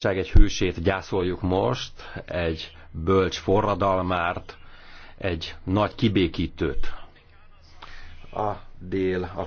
egy hősét gyászoljuk most, egy bölcs forradalmárt, egy nagy kibékítőt. A dél, a